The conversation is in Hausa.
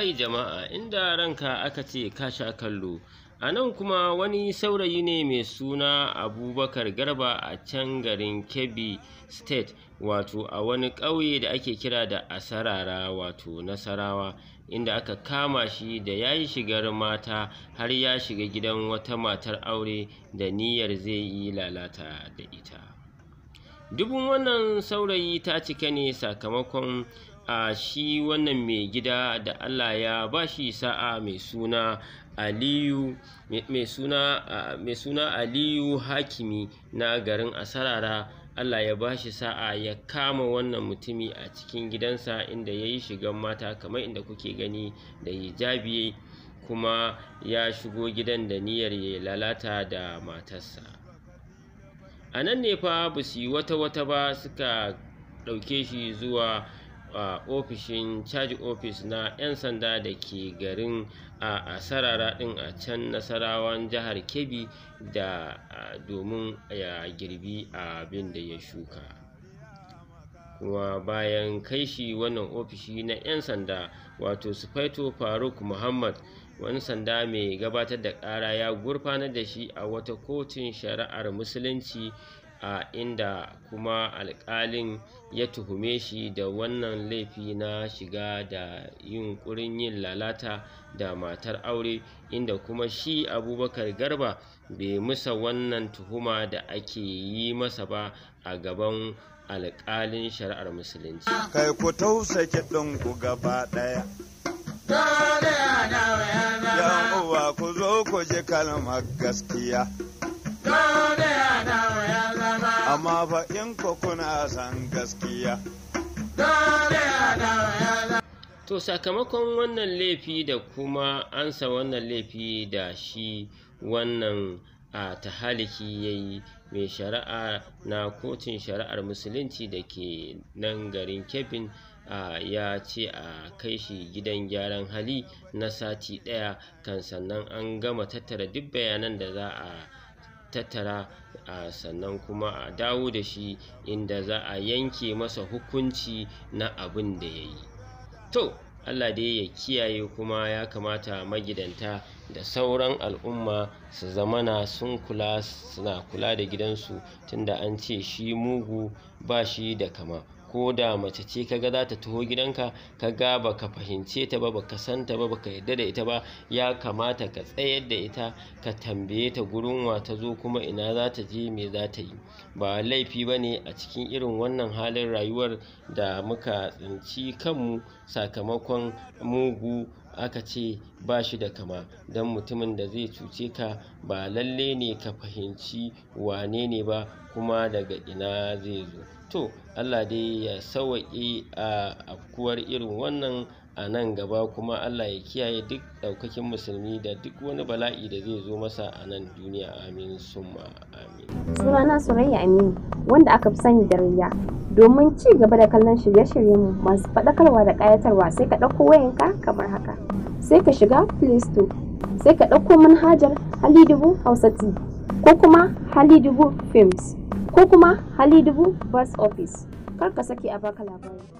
kai jama'a inda ranka aka ce ka sha kallo a nan kuma wani saurayi ne mai suna abubakar garba a can garin kebbi state wato a wani ƙauye da ake kira da asarara wato nasarawa inda aka kama shi da ya yi shigar mata har ya shiga gidan wata matar aure da niyyar zai yi lalata da ita dubun wannan saurayi ta cika ne sakamakon a shi wannan mai gida da Allah ya ba shi sa'a mai suna Aliyu mai suna mai suna Aliyu Hakimi na garin Asarara Allah ya bashi sa'a ya kama wannan mutumi a cikin gidansa inda ya yi shigan mata kamar inda kuke gani da hijabi kuma ya shigo gidan da niyyar ya lalata da matarsa a nan ne fa ba su yi wata-wata ba suka ɗauke shi zuwa a ofishin caji ofis na 'yan sanda da ke garin a sarara din a can nasarawan jihar kebbi da domin ya girbi abin da ya shuka kuma bayan kai shi wannan ofishi na 'yan sanda wato sufaito faruk muhammad wani sanda mai gabatar da ƙara ya gurfanar da shi a wata kotun shari'ar musulunci a inda kuma alƙalin ya tuhume shi da wannan laifi na shiga da ƙurin yin lalata da matar aure inda kuma shi abubakar garba bai musa wannan tuhuma da ake yi masa ba a gaban alƙalin shari'ar musulunci kai ku tausake ku gaba ɗaya Ya uwa ku zo ku ji kalmar gaskiya amma fa in ko kuna san gaskiya to sakamakon wannan laifi da kuma ansa wannan laifi da shi wannan a tahaliki ya yi mai shari'a na kotun shari'ar musulunci da ke nan garin kebin ya ce a kai shi gidan gyaran hali na sati daya kan sannan an gama tattara duk bayanan da za a tattara a sannan kuma a dawo da shi inda za a yanke masa hukunci na abin da ya yi to allah dai ya kiyaye kuma ya kamata magidanta da sauran al'umma su zamana sun kula suna kula da gidansu tunda an ce shi mugu ba shi da kama ko da mace ce kaga za ta taho gidanka kaga baka fahimce ta ba baka san ta ba baka yadda da ita ba ya kamata ka tsayar da ita ka tambaye ta gurin wa ta zo kuma ina za ta je me za ta yi ba laifi ba ne a cikin irin wannan halin rayuwar da muka tsinci kanmu sakamakon mugu aka ce ba shi da kama don mutumin da zai cuce ka ba lalle ne ka fahimci wane ne ba kuma daga ina zai zo to allah dai ya sawaƙe a afkuwar irin wannan a nan gaba kuma allah ya kiyaye duk ɗaukakin musulmi da duk wani bala'i da zai zo masa a nan duniya amin summa amin sunana surayya aminu wanda aka fi sani da riya domin ci gaba da kallon shirye-shiryenmu masu faɗakarwa da ƙayatarwa sai ka ɗauko wayanka kamar haka sai ka shiga Play Store sai ka ɗauko manhajar Halidubu Hausa TV ko kuma Halidubu Films ko kuma Halidubu Bus Office kar ka sake a baka labari.